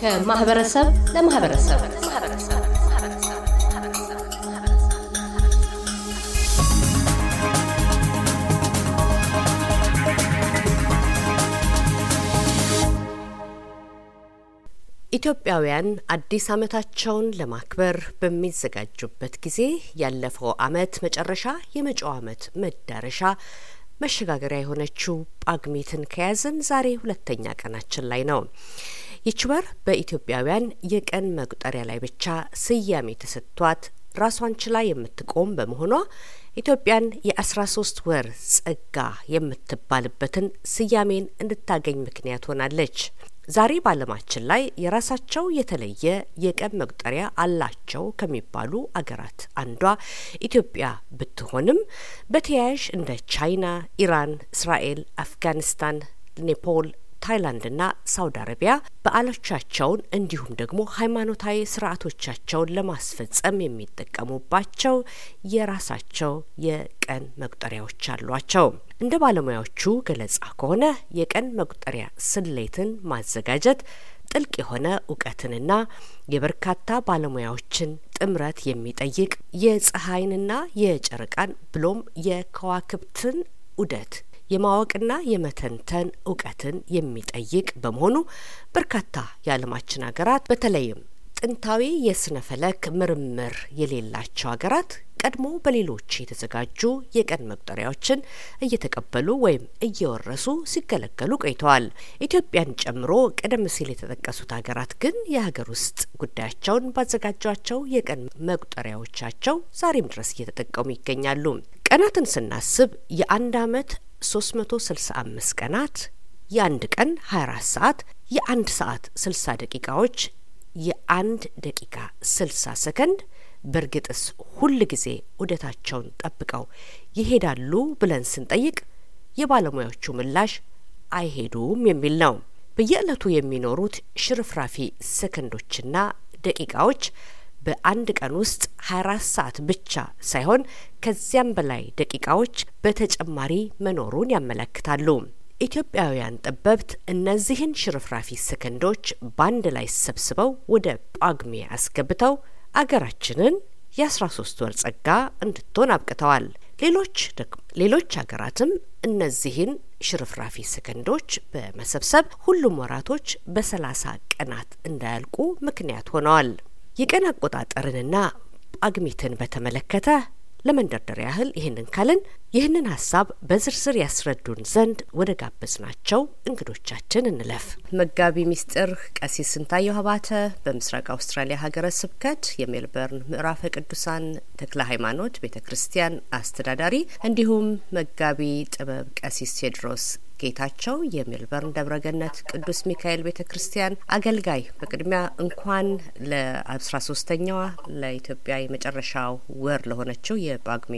ከማህበረሰብ ለማህበረሰብ ኢትዮጵያውያን አዲስ ዓመታቸውን ለማክበር በሚዘጋጁበት ጊዜ ያለፈው ዓመት መጨረሻ የመጪው ዓመት መዳረሻ መሸጋገሪያ የሆነችው ጳጉሜትን ከያዝን ዛሬ ሁለተኛ ቀናችን ላይ ነው። ይች ወር በኢትዮጵያውያን የቀን መቁጠሪያ ላይ ብቻ ስያሜ ተሰጥቷት ራሷን ችላ የምትቆም በመሆኗ ኢትዮጵያን የአስራ ሶስት ወር ጸጋ የምትባልበትን ስያሜን እንድታገኝ ምክንያት ሆናለች። ዛሬ በአለማችን ላይ የራሳቸው የተለየ የቀን መቁጠሪያ አላቸው ከሚባሉ አገራት አንዷ ኢትዮጵያ ብትሆንም በተያያዥ እንደ ቻይና፣ ኢራን፣ እስራኤል፣ አፍጋኒስታን ኔፖል ታይላንድና ሳውዲ አረቢያ በዓሎቻቸውን እንዲሁም ደግሞ ሃይማኖታዊ ስርዓቶቻቸውን ለማስፈጸም የሚጠቀሙባቸው የራሳቸው የቀን መቁጠሪያዎች አሏቸው። እንደ ባለሙያዎቹ ገለጻ ከሆነ የቀን መቁጠሪያ ስሌትን ማዘጋጀት ጥልቅ የሆነ እውቀትንና የበርካታ ባለሙያዎችን ጥምረት የሚጠይቅ የፀሐይንና የጨረቃን ብሎም የከዋክብትን ውደት የማወቅና የመተንተን እውቀትን የሚጠይቅ በመሆኑ በርካታ የዓለማችን ሀገራት በተለይም ጥንታዊ የስነ ፈለክ ምርምር የሌላቸው ሀገራት ቀድሞ በሌሎች የተዘጋጁ የቀን መቁጠሪያዎችን እየተቀበሉ ወይም እየወረሱ ሲገለገሉ ቆይተዋል። ኢትዮጵያን ጨምሮ ቀደም ሲል የተጠቀሱት ሀገራት ግን የሀገር ውስጥ ጉዳያቸውን ባዘጋጇቸው የቀን መቁጠሪያዎቻቸው ዛሬም ድረስ እየተጠቀሙ ይገኛሉ። ቀናትን ስናስብ የአንድ ዓመት 365 ቀናት የአንድ ቀን 24 ሰዓት የአንድ ሰዓት 60 ደቂቃዎች የአንድ ደቂቃ 60 ሰከንድ በእርግጥስ ሁል ጊዜ ውደታቸውን ጠብቀው ይሄዳሉ ብለን ስንጠይቅ የባለሙያዎቹ ምላሽ አይሄዱም የሚል ነው። በየዕለቱ የሚኖሩት ሽርፍራፊ ሰከንዶችና ደቂቃዎች በአንድ ቀን ውስጥ 24 ሰዓት ብቻ ሳይሆን ከዚያም በላይ ደቂቃዎች በተጨማሪ መኖሩን ያመለክታሉ። ኢትዮጵያውያን ጠበብት እነዚህን ሽርፍራፊ ሰከንዶች በአንድ ላይ ሰብስበው ወደ ጳጉሜ አስገብተው አገራችንን የአስራ 13 ወር ጸጋ እንድትሆን አብቅተዋል። ሌሎች ሌሎች ሀገራትም እነዚህን ሽርፍራፊ ሰከንዶች በመሰብሰብ ሁሉም ወራቶች በሰላሳ ቀናት እንዳያልቁ ምክንያት ሆነዋል። የቀን አቆጣጠርንና አግሚትን በተመለከተ ለመንደርደር ያህል ይህንን ካልን ይህንን ሀሳብ በዝርዝር ያስረዱን ዘንድ ወደ ጋበዝ ናቸው እንግዶቻችን እንለፍ። መጋቢ ምስጢር ቀሲስ ስንታየሁ ሀባተ በምስራቅ አውስትራሊያ ሀገረ ስብከት የሜልበርን ምዕራፈ ቅዱሳን ተክለ ሃይማኖት ቤተ ክርስቲያን አስተዳዳሪ፣ እንዲሁም መጋቢ ጥበብ ቀሲስ ቴድሮስ ጌታቸው የሜልበርን ደብረገነት ቅዱስ ሚካኤል ቤተ ክርስቲያን አገልጋይ፣ በቅድሚያ እንኳን ለአስራ ሶስተኛዋ ለኢትዮጵያ የመጨረሻው ወር ለሆነችው የጳጉሜ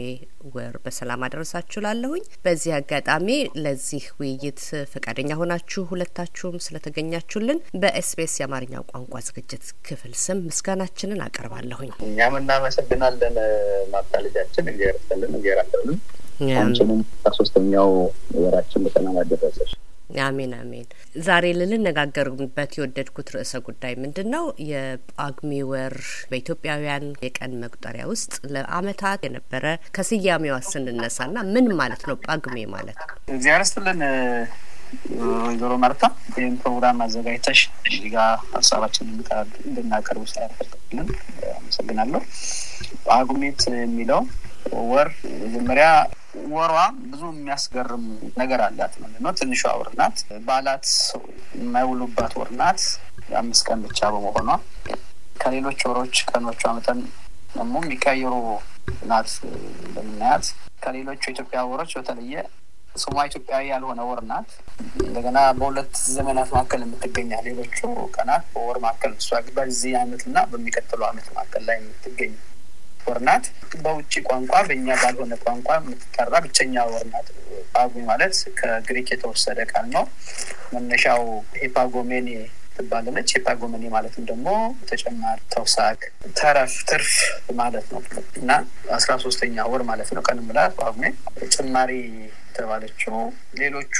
ወር በሰላም አደረሳችሁ ላለሁኝ። በዚህ አጋጣሚ ለዚህ ውይይት ፈቃደኛ ሆናችሁ ሁለታችሁም ስለተገኛችሁልን በኤስቢኤስ የአማርኛ ቋንቋ ዝግጅት ክፍል ስም ምስጋናችንን አቀርባለሁኝ። እኛም እናመሰግናለን። ማታ ልጃችን እንጀርሰልን አንቺንም ከሶስተኛው ወራችን በሰላም አደረሰሽ። አሜን አሜን። ዛሬ ልንነጋገርበት የወደድኩት ርዕሰ ጉዳይ ምንድን ነው? የጳጉሜ ወር በኢትዮጵያውያን የቀን መቁጠሪያ ውስጥ ለአመታት የነበረ ከስያሜዋ ስንነሳ ና ምን ማለት ነው ጳጉሜ ማለት ነው? እግዚአብሔር ይስጥልን ወይዘሮ መርታ ይህም ፕሮግራም አዘጋጅተሽ እዚህ ጋ ሀሳባችን እንድናቀርቡ ስላደረግልን አመሰግናለሁ። ጳጉሜት የሚለው ወር መጀመሪያ ወሯ ብዙ የሚያስገርም ነገር አላት። ምንድነው? ትንሿ ወር ናት። በዓላት የማይውሉባት ወር ናት። የአምስት ቀን ብቻ በመሆኗ ከሌሎች ወሮች ቀኖቿ መጠን ደግሞ የሚቀይሩ ናት። እንደምናያት ከሌሎቹ የኢትዮጵያ ወሮች በተለየ ስሟ ኢትዮጵያዊ ያልሆነ ወር ናት። እንደገና በሁለት ዘመናት መካከል የምትገኛ ሌሎቹ ቀናት በወር መካከል እሷ በዚህ አመት እና በሚቀጥለው አመት መካከል ላይ የምትገኝ ወር ናት። በውጭ ቋንቋ በእኛ ባልሆነ ቋንቋ የምትጠራ ብቸኛ ወር ናት። ጳጉሜ ማለት ከግሪክ የተወሰደ ቃል ነው። መነሻው ሄፓጎሜኔ ትባላለች። ሄፓጎሜኔ ማለትም ደግሞ ተጨማሪ ተውሳክ፣ ተረፍ፣ ትርፍ ማለት ነው እና አስራ ሶስተኛ ወር ማለት ነው። ቀን ብላ ጳጉሜ ጭማሪ የተባለችው ሌሎቹ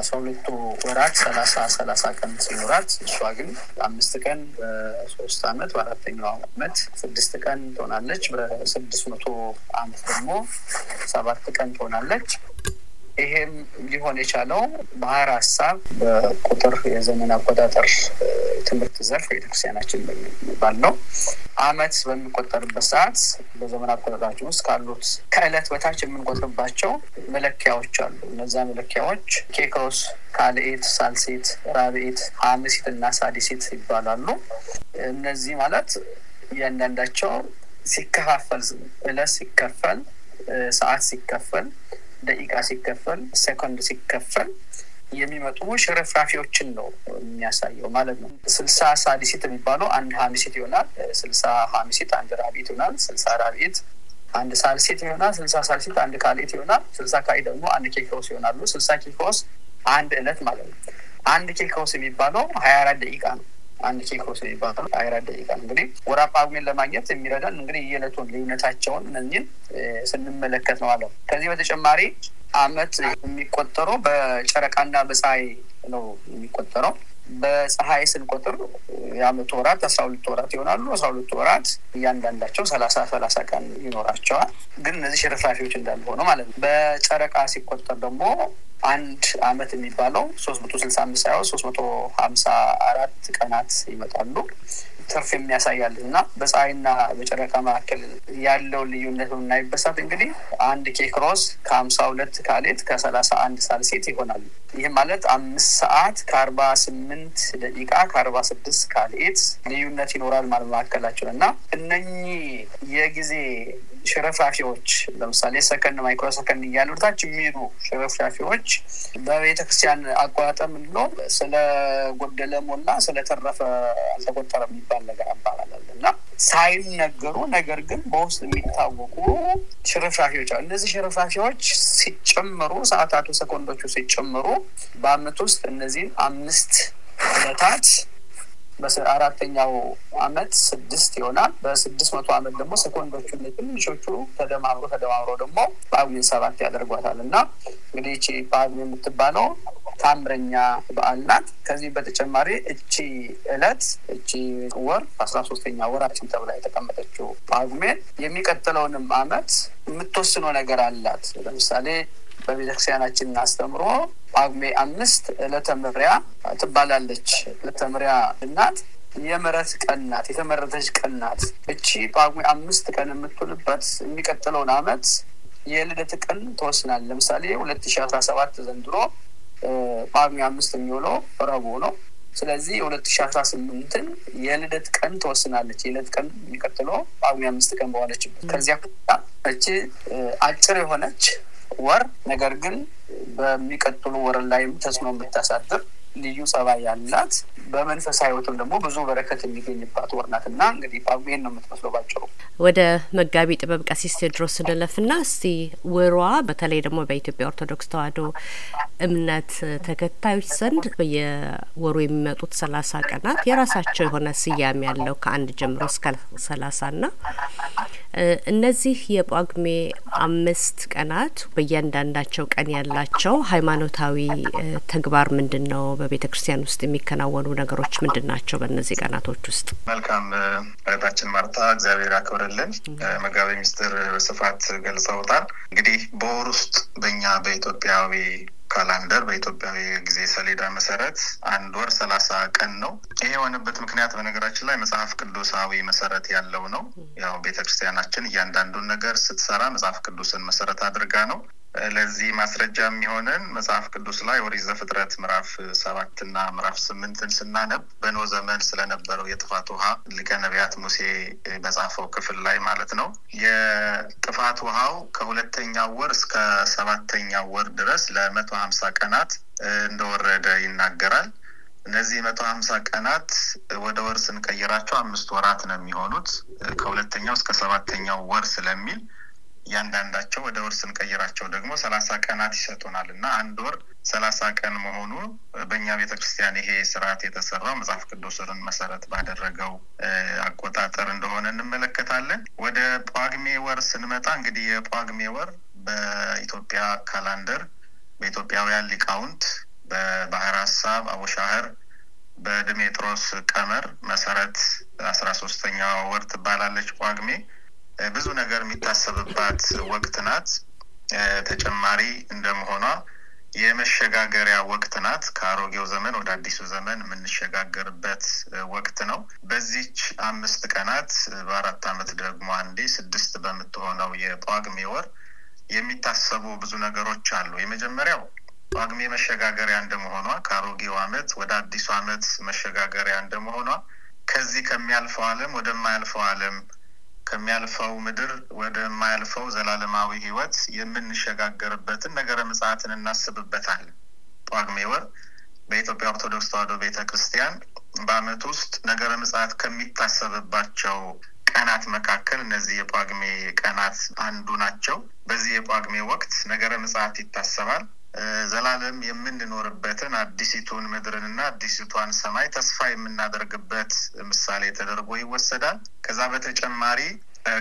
አስራ ሁለቱ ወራት ሰላሳ ሰላሳ ቀን ሲኖራት እሷ ግን አምስት ቀን በሶስት አመት በአራተኛው አመት ስድስት ቀን ትሆናለች። በስድስት መቶ አመት ደግሞ ሰባት ቀን ትሆናለች። ይሄም ሊሆን የቻለው ባህር ሀሳብ በቁጥር የዘመን አቆጣጠር ትምህርት ዘርፍ ቤተክርስቲያናችን ባለው አመት በሚቆጠርበት ሰዓት በዘመን አቆጣጠራችን ውስጥ ካሉት ከእለት በታች የምንቆጥርባቸው መለኪያዎች አሉ። እነዚ መለኪያዎች ኬክሮስ፣ ካልኤት፣ ሳልሴት፣ ራብኤት፣ ሐምሲት እና ሳዲሴት ይባላሉ። እነዚህ ማለት እያንዳንዳቸው ሲከፋፈል እለት ሲከፈል ሰዓት ሲከፈል ደቂቃ ሲከፈል ሴኮንድ ሲከፈል የሚመጡ ሽርፍራፊዎችን ነው የሚያሳየው ማለት ነው። ስልሳ ሳዲሲት የሚባለው አንድ ሀሚሲት ይሆናል። ስልሳ ሀሚሲት አንድ ራቢት ይሆናል። ስልሳ ራቢት አንድ ሳልሲት ይሆናል። ስልሳ ሳልሲት አንድ ካሊት ይሆናል። ስልሳ ካይ ደግሞ አንድ ኬክሮስ ይሆናሉ። ስልሳ ኬክሮስ አንድ እለት ማለት ነው። አንድ ኬክሮስ የሚባለው ሀያ አራት ደቂቃ ነው። አንድ ኬክሮስ የሚባለው ሀያ አራት ደቂቃ እንግዲህ ወርሃዊ ጳጉሜን ለማግኘት የሚረዳን እንግዲህ የዕለቱን ልዩነታቸውን እነዚህን ስንመለከት ነው አለ። ከዚህ በተጨማሪ አመት የሚቆጠረው በጨረቃና በፀሐይ ነው የሚቆጠረው። በፀሐይ ስንቆጥር የአመቱ ወራት አስራ ሁለት ወራት ይሆናሉ። አስራ ሁለት ወራት እያንዳንዳቸው ሰላሳ ሰላሳ ቀን ይኖራቸዋል። ግን እነዚህ ሽርፍራፊዎች እንዳልሆነ ማለት ነው። በጨረቃ ሲቆጠር ደግሞ አንድ አመት የሚባለው ሶስት መቶ ስልሳ አምስት ሳይሆን ሶስት መቶ ሀምሳ አራት ቀናት ይመጣሉ። ትርፍ የሚያሳያል እና በፀሐይና በጨረቃ መካከል ያለው ልዩነት የምናይበሳት እንግዲህ አንድ ኬክ ሮስ ከሀምሳ ሁለት ካሌት ከሰላሳ አንድ ሳልሴት ይሆናል። ይህ ማለት አምስት ሰዓት ከአርባ ስምንት ደቂቃ ከአርባ ስድስት ካልኤት ልዩነት ይኖራል ማለት መካከላቸው እና እነኚህ የጊዜ ሽረፍራፊዎች ለምሳሌ ሰከንድ ማይክሮ ሰከንድ እያሉ ታች የሚሄዱ ሽረፍራፊዎች በቤተ ክርስቲያን አቆጣጠር ምንድነው ስለ ጎደለ ሞላ ስለተረፈ አልተቆጠረ የሚባል ነገር አባባላል እና ሳይነገሩ ነገር ግን በውስጥ የሚታወቁ ሽረፍራፊዎች አሉ። እነዚህ ሽረፍራፊዎች ሲጨምሩ ሰአታቱ ሰኮንዶቹ ሲጨምሩ በአመት ውስጥ እነዚህን አምስት ዕለታት በአራተኛው አመት ስድስት ይሆናል። በስድስት መቶ አመት ደግሞ ሰኮንዶቹ ትንሾቹ ተደማምሮ ተደማምሮ ደግሞ ጳጉሜን ሰባት ያደርጓታል እና እንግዲህ እቺ ጳጉሜን የምትባለው ታምረኛ በዓል ናት። ከዚህ በተጨማሪ እቺ እለት እቺ ወር አስራ ሶስተኛ ወራችን ተብላ የተቀመጠችው ጳጉሜን የሚቀጥለውንም አመት የምትወስኖ ነገር አላት። ለምሳሌ በቤተክርስቲያናችን አስተምሮ ጳጉሜ አምስት ለተምሪያ ትባላለች። ለተምሪያ እናት የምረት ቀን ናት። የተመረተች ቀን ናት። እቺ ጳጉሜ አምስት ቀን የምትውልበት የሚቀጥለውን አመት የልደት ቀን ተወስናል። ለምሳሌ ሁለት ሺ አስራ ሰባት ዘንድሮ ጳጉሜ አምስት የሚውለው ረቡዕ ነው። ስለዚህ የሁለት ሺ አስራ ስምንትን የልደት ቀን ተወስናለች። የልደት ቀን የሚቀጥለው ጳጉሜ አምስት ቀን በሆነችበት ከዚያ እቺ አጭር የሆነች ወር ነገር ግን በሚቀጥሉ ወር ላይም ተጽዕኖ የምታሳድር ልዩ ጸባይ ያላት በመንፈሳዊ ህይወትም ደግሞ ብዙ በረከት የሚገኝባት ወር ናት እና እንግዲህ ጳጉሜን ነው የምትመስለው ባጭሩ። ወደ መጋቢ ጥበብ ቀሲስ ቴዎድሮስ ስንለፍና እስቲ ወሯ በተለይ ደግሞ በኢትዮጵያ ኦርቶዶክስ ተዋህዶ እምነት ተከታዮች ዘንድ በየወሩ የሚመጡት ሰላሳ ቀናት የራሳቸው የሆነ ስያሜ ያለው ከአንድ ጀምሮ እስከ ሰላሳ ና እነዚህ የጳጉሜ አምስት ቀናት በእያንዳንዳቸው ቀን ያላቸው ሃይማኖታዊ ተግባር ምንድን ነው? በቤተ ክርስቲያን ውስጥ የሚከናወኑ ነገሮች ምንድን ናቸው በእነዚህ ቀናቶች ውስጥ? መልካም እህታችን ማርታ እግዚአብሔር አክብርልን መጋቢ ሚኒስትር በስፋት ገልጸውታል። እንግዲህ በወር ውስጥ በእኛ በኢትዮጵያዊ ካላንደር በኢትዮጵያዊ ጊዜ ሰሌዳ መሰረት አንድ ወር ሰላሳ ቀን ነው። ይሄ የሆነበት ምክንያት በነገራችን ላይ መጽሐፍ ቅዱሳዊ መሰረት ያለው ነው። ያው ቤተክርስቲያናችን እያንዳንዱን ነገር ስትሰራ መጽሐፍ ቅዱስን መሰረት አድርጋ ነው። ለዚህ ማስረጃ የሚሆንን መጽሐፍ ቅዱስ ላይ ኦሪት ዘፍጥረት ምዕራፍ ሰባትና ምዕራፍ ስምንትን ስናነብ በኖ ዘመን ስለነበረው የጥፋት ውሃ ሊቀ ነቢያት ሙሴ በጻፈው ክፍል ላይ ማለት ነው። የጥፋት ውሃው ከሁለተኛው ወር እስከ ሰባተኛው ወር ድረስ ለመቶ ሀምሳ ቀናት እንደወረደ ይናገራል። እነዚህ መቶ ሀምሳ ቀናት ወደ ወር ስንቀይራቸው አምስት ወራት ነው የሚሆኑት ከሁለተኛው እስከ ሰባተኛው ወር ስለሚል እያንዳንዳቸው ወደ ወር ስንቀይራቸው ደግሞ ሰላሳ ቀናት ይሰጡናል እና አንድ ወር ሰላሳ ቀን መሆኑ በእኛ ቤተክርስቲያን ይሄ ስርዓት የተሰራው መጽሐፍ ቅዱስን መሰረት ባደረገው አቆጣጠር እንደሆነ እንመለከታለን። ወደ ጳጉሜ ወር ስንመጣ እንግዲህ የጳጉሜ ወር በኢትዮጵያ ካላንደር በኢትዮጵያውያን ሊቃውንት በባህር ሀሳብ አቡሻህር በድሜጥሮስ ቀመር መሰረት አስራ ሶስተኛ ወር ትባላለች ጳጉሜ ብዙ ነገር የሚታሰብባት ወቅት ናት። ተጨማሪ እንደመሆኗ የመሸጋገሪያ ወቅት ናት። ከአሮጌው ዘመን ወደ አዲሱ ዘመን የምንሸጋገርበት ወቅት ነው። በዚች አምስት ቀናት በአራት ዓመት ደግሞ አንዴ ስድስት በምትሆነው የጳጉሜ ወር የሚታሰቡ ብዙ ነገሮች አሉ። የመጀመሪያው ጳጉሜ መሸጋገሪያ እንደመሆኗ ከአሮጌው ዓመት ወደ አዲሱ ዓመት መሸጋገሪያ እንደመሆኗ ከዚህ ከሚያልፈው ዓለም ወደማያልፈው ዓለም ከሚያልፈው ምድር ወደማያልፈው ዘላለማዊ ህይወት የምንሸጋገርበትን ነገረ ምጽአትን እናስብበታል። ጳጉሜ ወር በኢትዮጵያ ኦርቶዶክስ ተዋህዶ ቤተ ክርስቲያን በአመት ውስጥ ነገረ ምጽአት ከሚታሰብባቸው ቀናት መካከል እነዚህ የጳጉሜ ቀናት አንዱ ናቸው። በዚህ የጳጉሜ ወቅት ነገረ ምጽአት ይታሰባል። ዘላለም የምንኖርበትን አዲሲቱን ምድርንና አዲሲቷን ሰማይ ተስፋ የምናደርግበት ምሳሌ ተደርጎ ይወሰዳል። ከዛ በተጨማሪ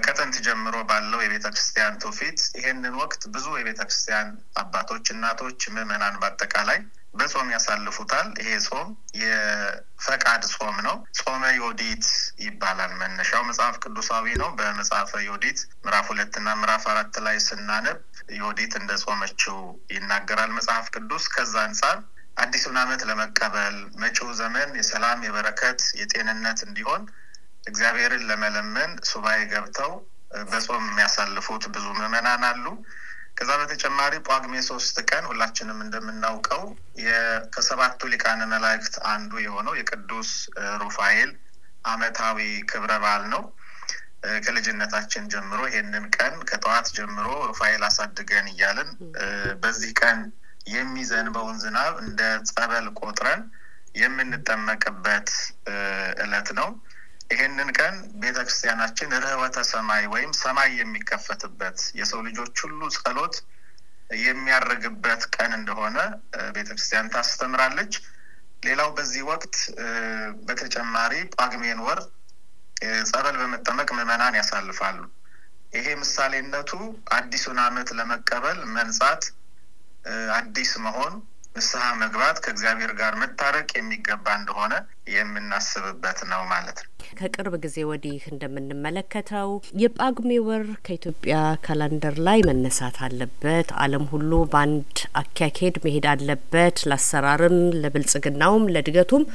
ከጥንት ጀምሮ ባለው የቤተ ክርስቲያን ትውፊት ይህንን ወቅት ብዙ የቤተ ክርስቲያን አባቶች፣ እናቶች፣ ምዕመናን በአጠቃላይ በጾም ያሳልፉታል። ይሄ ጾም የፈቃድ ጾም ነው። ጾመ ዮዲት ይባላል። መነሻው መጽሐፍ ቅዱሳዊ ነው። በመጽሐፈ ዮዲት ምዕራፍ ሁለትና ምዕራፍ አራት ላይ ስናነብ ዮዲት እንደ ጾመችው ይናገራል መጽሐፍ ቅዱስ። ከዛ አንጻር አዲሱን ዓመት ለመቀበል መጪው ዘመን የሰላም የበረከት፣ የጤንነት እንዲሆን እግዚአብሔርን ለመለመን ሱባኤ ገብተው በጾም የሚያሳልፉት ብዙ ምዕመናን አሉ። ከዛ በተጨማሪ ጳጉሜ ሶስት ቀን ሁላችንም እንደምናውቀው ከሰባቱ ሊቃነ መላእክት አንዱ የሆነው የቅዱስ ሩፋኤል አመታዊ ክብረ በዓል ነው። ከልጅነታችን ጀምሮ ይሄንን ቀን ከጠዋት ጀምሮ ሩፋኤል አሳድገን እያልን በዚህ ቀን የሚዘንበውን ዝናብ እንደ ጸበል ቆጥረን የምንጠመቅበት እለት ነው። ይህንን ቀን ቤተ ክርስቲያናችን ሰማይ ወይም ሰማይ የሚከፈትበት የሰው ልጆች ሁሉ ጸሎት የሚያርግበት ቀን እንደሆነ ቤተ ክርስቲያን ታስተምራለች። ሌላው በዚህ ወቅት በተጨማሪ ጳግሜን ወር ጸበል በመጠመቅ ምዕመናን ያሳልፋሉ። ይሄ ምሳሌነቱ አዲሱን ዓመት ለመቀበል መንጻት፣ አዲስ መሆን ንስሐ መግባት ከእግዚአብሔር ጋር መታረቅ የሚገባ እንደሆነ የምናስብበት ነው ማለት ነው። ከቅርብ ጊዜ ወዲህ እንደምንመለከተው የጳጉሜ ወር ከኢትዮጵያ ካላንደር ላይ መነሳት አለበት፣ ዓለም ሁሉ በአንድ አካሄድ መሄድ አለበት፣ ለአሰራርም፣ ለብልጽግናውም፣ ለእድገቱም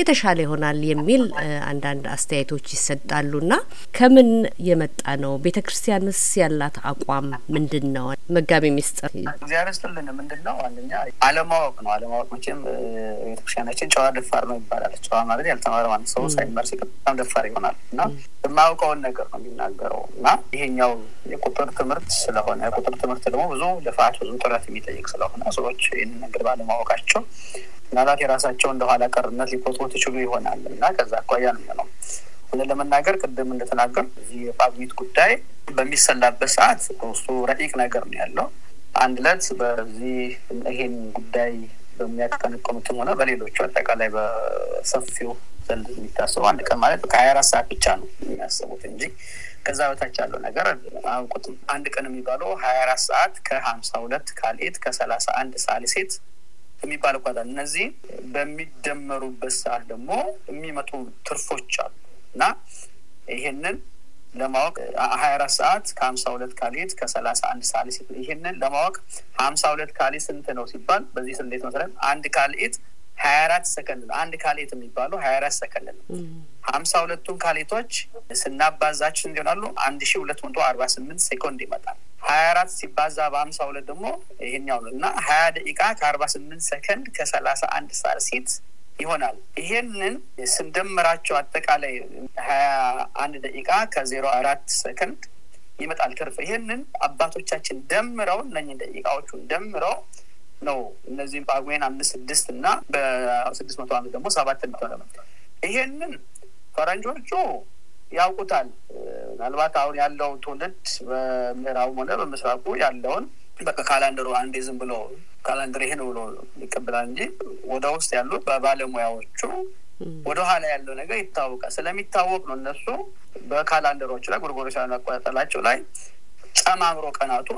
የተሻለ ይሆናል የሚል አንዳንድ አስተያየቶች ይሰጣሉና ከምን የመጣ ነው? ቤተ ክርስቲያንስ ያላት አቋም ምንድን ነው? መጋቢ ሚስጥር እግዚአብሔር ይስጥልን። ምንድን ነው? አንደኛ አለማወቅ ነው። አለማወቅ መቼም ጨዋ ደፋር ነው ይባላል። ጨዋ ማለት ያልተማረ ማለት ሰው ሳይመር በጣም ደፋር ይሆናል እና የማያውቀውን ነገር ነው የሚናገረው እና ይሄኛው የቁጥር ትምህርት ስለሆነ የቁጥር ትምህርት ደግሞ ብዙ ልፋት ብዙ ጥረት የሚጠይቅ ስለሆነ ሰዎች ይህን ነገር ባለማወቃቸው ምናልባት የራሳቸው እንደኋላ ቀርነት ሊቆጥሩት ይችሉ ይሆናል እና ከዛ አኳያ ነው ነው ሁለ ለመናገር ቅድም እንደተናገር እዚህ የጳጉሜት ጉዳይ በሚሰላበት ሰዓት እሱ ረቂቅ ነገር ነው ያለው። አንድ ለት በዚህ ይሄን ጉዳይ በሚያቀነቀኑትም ሆነ በሌሎቹ አጠቃላይ በሰፊው ዘንድ የሚታስበው አንድ ቀን ማለት ከሀያ አራት ሰዓት ብቻ ነው የሚያስቡት እንጂ ከዛ በታች ያለው ነገር አውቁትም አንድ ቀን የሚባለው ሀያ አራት ሰዓት ከሀምሳ ሁለት ካልኤት ከሰላሳ አንድ ሳልሴት የሚባል እኳ እነዚህ በሚደመሩበት ሰዓት ደግሞ የሚመጡ ትርፎች አሉ እና ይሄንን ለማወቅ ሀያ አራት ሰዓት ከሀምሳ ሁለት ካሌት ከሰላሳ አንድ ሳሌት ይህንን ለማወቅ ሀምሳ ሁለት ካሌት ስንት ነው ሲባል በዚህ ስሌት መሰረት አንድ ካሌት ሀያ አራት ሰከንድ ነው። አንድ ካሌት የሚባለው ሀያ አራት ሰከንድ ነው። ሀምሳ ሁለቱን ካሌቶች ስናባዛችን እንዲሆናሉ አንድ ሺ ሁለት መቶ አርባ ስምንት ሴኮንድ ይመጣል። ሀያ አራት ሲባዛ በአምሳ ሁለት ደግሞ ይሄኛው ነው እና ሀያ ደቂቃ ከአርባ ስምንት ሰከንድ ከሰላሳ አንድ ሳርሲት ይሆናል። ይሄንን ስንደምራቸው አጠቃላይ ሀያ አንድ ደቂቃ ከዜሮ አራት ሰከንድ ይመጣል ትርፍ። ይሄንን አባቶቻችን ደምረው እነኝህ ደቂቃዎቹን ደምረው ነው እነዚህም በጳጉሜን አምስት ስድስት እና በስድስት መቶ ዓመት ደግሞ ሰባት መቶ ይሄንን ፈረንጆቹ ያውቁታል። ምናልባት አሁን ያለው ትውልድ በምዕራቡ ሆነ በምስራቁ ያለውን በቃ ካላንደሩ አንዴ ዝም ብሎ ካላንደር ይሄ ነው ብሎ ይቀበላል እንጂ ወደ ውስጥ ያሉት በባለሙያዎቹ ወደኋላ ያለው ነገር ይታወቃል። ስለሚታወቅ ነው እነሱ በካላንደሮች ላይ ጎርጎሮሳውያን አቆጣጠላቸው ላይ ጨማምሮ ቀናቱ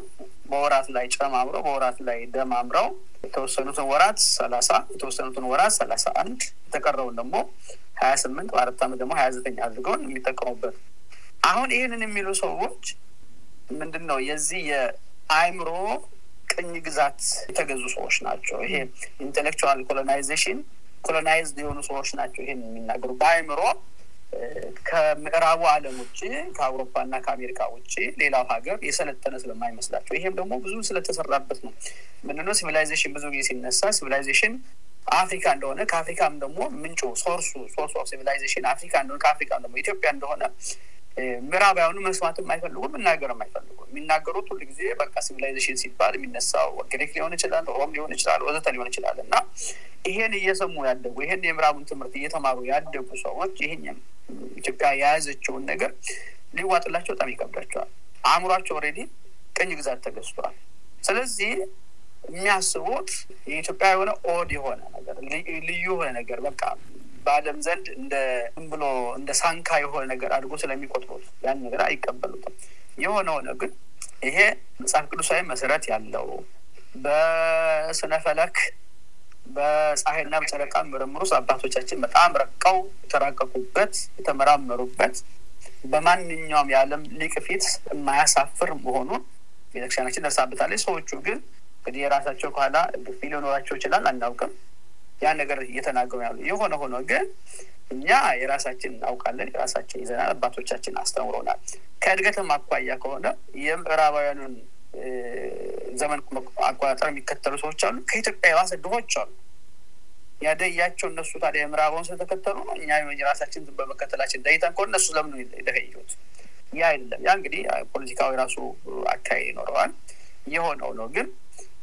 በወራት ላይ ጨማምሮ በወራት ላይ ደማምረው የተወሰኑትን ወራት ሰላሳ የተወሰኑትን ወራት ሰላሳ አንድ የተቀረውን ደግሞ ሀያ ስምንት በአራት ዓመት ደግሞ ሀያ ዘጠኝ አድርገውን የሚጠቀሙበት አሁን ይህንን የሚሉ ሰዎች ምንድን ነው የዚህ የአይምሮ ቅኝ ግዛት የተገዙ ሰዎች ናቸው። ይሄ ኢንቴሌክቹዋል ኮሎናይዜሽን ኮሎናይዝድ የሆኑ ሰዎች ናቸው። ይሄን የሚናገሩ በአይምሮ ከምዕራቡ ዓለም ውጭ ከአውሮፓ እና ከአሜሪካ ውጭ ሌላው ሀገር የሰለጠነ ስለማይመስላቸው ይሄም ደግሞ ብዙ ስለተሰራበት ነው። ምንድነው ሲቪላይዜሽን ብዙ ጊዜ ሲነሳ ሲቪላይዜሽን አፍሪካ እንደሆነ ከአፍሪካም ደግሞ ምንጩ ሶርሱ ሶርሱ ኦፍ ሲቪላይዜሽን አፍሪካ እንደሆነ ከአፍሪካ ደግሞ ኢትዮጵያ እንደሆነ ምዕራባውያኑ መስማትም አይፈልጉም፣ መናገርም አይፈልጉም። የሚናገሩት ሁሉ ጊዜ በቃ ሲቪላይዜሽን ሲባል የሚነሳው ግሪክ ሊሆን ይችላል፣ ሮም ሊሆን ይችላል፣ ወዘተ ሊሆን ይችላል እና ይሄን እየሰሙ ያደጉ ይሄን የምዕራቡን ትምህርት እየተማሩ ያደጉ ሰዎች ይሄን ኢትዮጵያ የያዘችውን ነገር ሊዋጥላቸው በጣም ይከብዳቸዋል። አእምሯቸው ሬዲ ቅኝ ግዛት ተገዝቷል። ስለዚህ የሚያስቡት የኢትዮጵያ የሆነ ኦድ የሆነ ነገር ልዩ የሆነ ነገር በቃ በዓለም ዘንድ እንደ ብሎ እንደ ሳንካ የሆነ ነገር አድርጎ ስለሚቆጥሩት ያን ነገር አይቀበሉትም። የሆነ ሆነ ግን ይሄ መጽሐፍ ቅዱሳዊ መሰረት ያለው በስነፈለክ በፀሐይና በጨረቃ ምርምር ውስጥ አባቶቻችን በጣም ረቀው የተራቀቁበት የተመራመሩበት በማንኛውም የዓለም ሊቅ ፊት የማያሳፍር መሆኑን ቤተክርስቲያናችን ደርሳበታለች። ሰዎቹ ግን እንግዲህ የራሳቸው ከኋላ ግፊ ሊኖራቸው ይችላል፣ አናውቅም። ያ ነገር እየተናገሩ ያሉ። የሆነ ሆኖ ግን እኛ የራሳችን እናውቃለን፣ የራሳችን ይዘናል፣ አባቶቻችን አስተምሮናል። ከእድገትም አኳያ ከሆነ የምዕራባውያኑን ዘመን አቆጣጠር የሚከተሉ ሰዎች አሉ። ከኢትዮጵያ የባሰ ድሆች አሉ። ያደያቸው እነሱ ታዲያ የምዕራባውን ስለተከተሉ ነው። እኛ የራሳችን በመከተላችን ደይተን ከሆነ እነሱ ለምን ደኸዩት? ያ አይደለም። ያ እንግዲህ ፖለቲካዊ ራሱ አካሄድ ይኖረዋል። የሆነው ነው ግን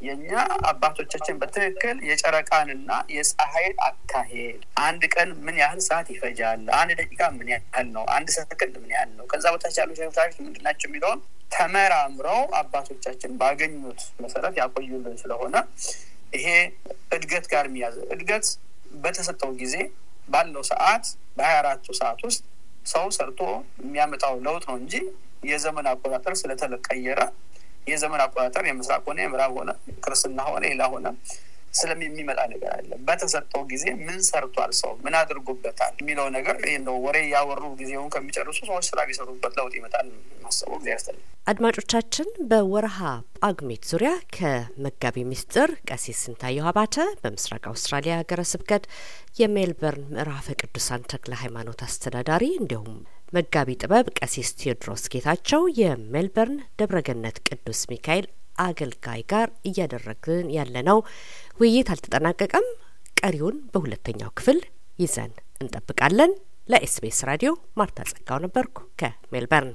የእኛ አባቶቻችን በትክክል የጨረቃንና የፀሐይን አካሄድ አንድ ቀን ምን ያህል ሰዓት ይፈጃል፣ አንድ ደቂቃ ምን ያህል ነው፣ አንድ ሰከንድ ምን ያህል ነው፣ ከዛ በታች ያሉ ሸታዎች ምንድን ናቸው የሚለውን ተመራምረው አባቶቻችን ባገኙት መሰረት ያቆዩልን ስለሆነ ይሄ እድገት ጋር የሚያዘ እድገት በተሰጠው ጊዜ ባለው ሰዓት በሀያ አራቱ ሰዓት ውስጥ ሰው ሰርቶ የሚያመጣው ለውጥ ነው እንጂ የዘመን አቆጣጠር ስለተቀየረ የዘመን አቆጣጠር የምስራቅ ሆነ የምዕራብ ሆነ ክርስትና ሆነ ሌላ ሆነ ስለሚመጣ ነገር አለ። በተሰጠው ጊዜ ምን ሰርቷል ሰው ምን አድርጎበታል የሚለው ነገር እንደው ወሬ ያወሩ ጊዜውን ከሚጨርሱ ሰዎች ስራ ቢሰሩበት ለውጥ ይመጣል። ማሰቡ ጊዜ ያስተል አድማጮቻችን በወርሃ ጳጉሜት ዙሪያ ከመጋቢ ሚስጥር ቀሴ ስንታየሁ አባተ በምስራቅ አውስትራሊያ ሀገረ ስብከት የሜልበርን ምዕራፈ ቅዱሳን ተክለ ሃይማኖት አስተዳዳሪ እንዲሁም መጋቢ ጥበብ ቀሲስ ቴዎድሮስ ጌታቸው የሜልበርን ደብረገነት ቅዱስ ሚካኤል አገልጋይ ጋር እያደረግን ያለነው ውይይት አልተጠናቀቀም። ቀሪውን በሁለተኛው ክፍል ይዘን እንጠብቃለን። ለኤስቢኤስ ራዲዮ ማርታ ጸጋው ነበርኩ ከሜልበርን።